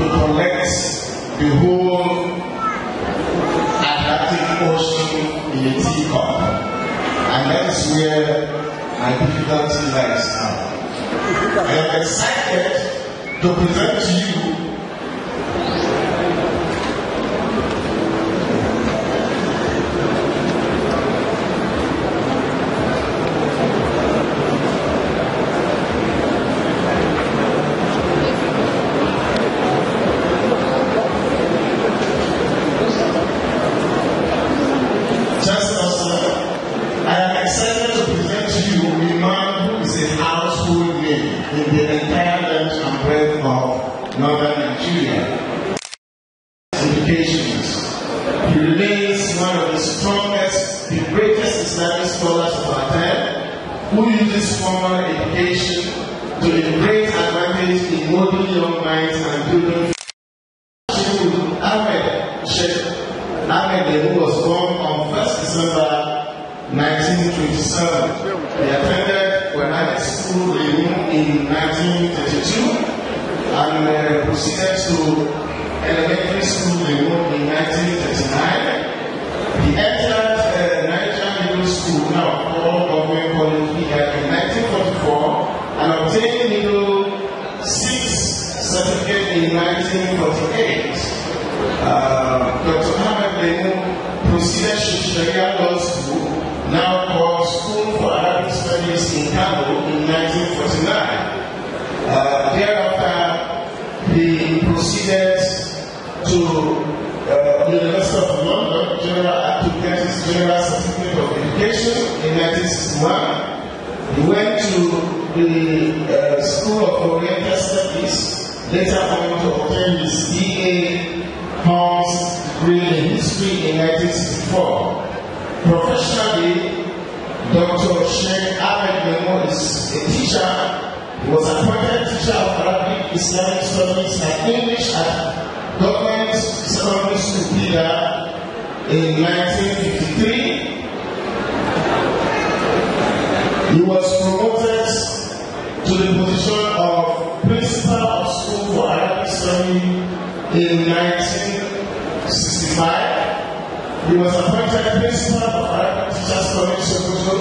to collect the whole Atlantic Ocean in a teacup. And that is where my difficulty lies now. I am excited to present to you the greatest Islamic scholars of our time, who use formal education to the great advantage in molding young minds and building. Sheikh Ahmed Sheikh Ahmed who was born on 1st December 1927. He attended Wanade School in 1932 and uh, proceeded to elementary school in 1932. in 1948, uh, Dr. Hamad Benu proceeded to Sharia Law School, now called School for Arabic Studies in Cairo in 1949. Uh, thereafter, he proceeded to uh, the University of London General, to get his Certificate of Education in 1961. He went to the uh, School of Oriental Studies later going to obtain his BA Hans degree in history in 1964. Professionally, Dr. Sheikh Ahmed Memo is a teacher. He was appointed teacher of Arabic Islamic studies and English at Government Secondary School Pida in 1953. He was He was appointed principal of Arabic Teachers College Sokoto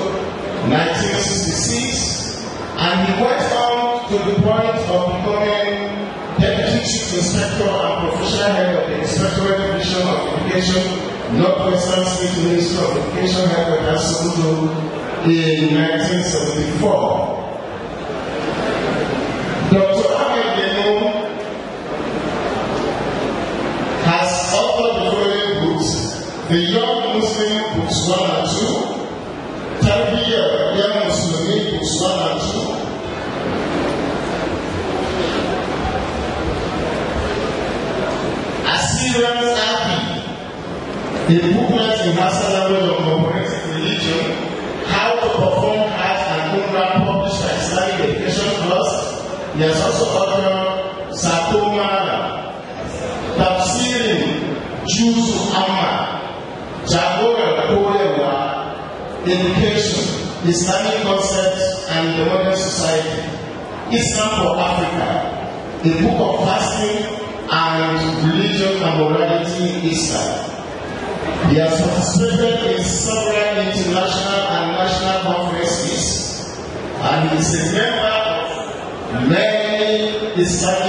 1966 and he went on to the point of becoming Deputy Chief Inspector and Professional Head of the Inspectorate Division of Education, Northwestern State Ministry of Education Headquarters Sokoto in 1974. Dr. Ahmed The Young Muslim Books one and two. Tarbiyah Young Muslim Books one and two. Assyrian Aki, a movement in master language of comprehensive religion, how to perform Hajj and Umrah published by Islamic Education Plus. There's also other Satoma, Tafsirin, Jews Amma, Jagoran Korewa, Education, Islamic Concepts and the Modern Society, Islam for Africa, the Book of Fasting and Religion and Morality in Islam. He has participated in several international and national conferences and is a member of many Islamic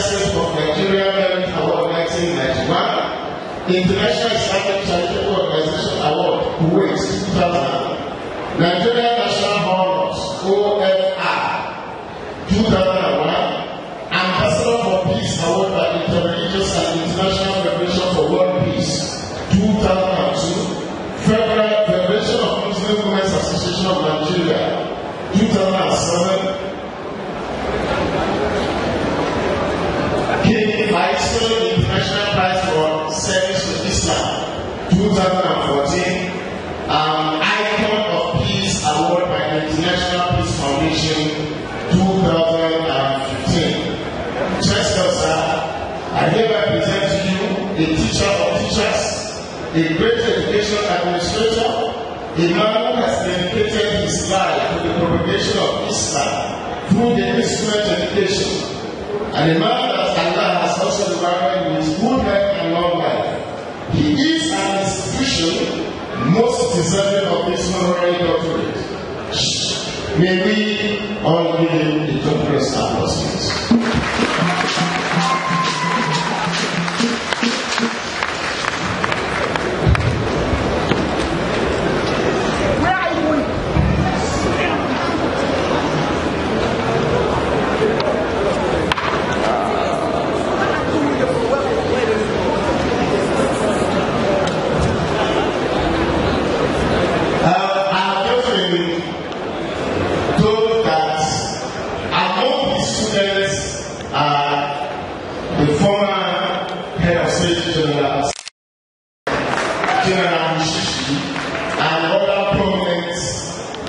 Council of Nigerian Men Award 1991, International Islamic Charitable Organization Award, Kuwait. I hereby present to you a teacher of teachers, a great education administrator, a man who has dedicated his life to the propagation of Islam through the instrument education, and a man that Allah has also rewarded with good health and long life. He is an institution most deserving of this honorary doctorate. May we all give him the doctorate applause. Kiran Shishi, and other prominent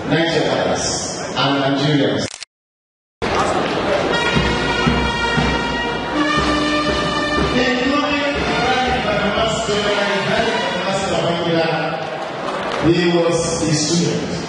Nigerians and Nigerians. He was his student.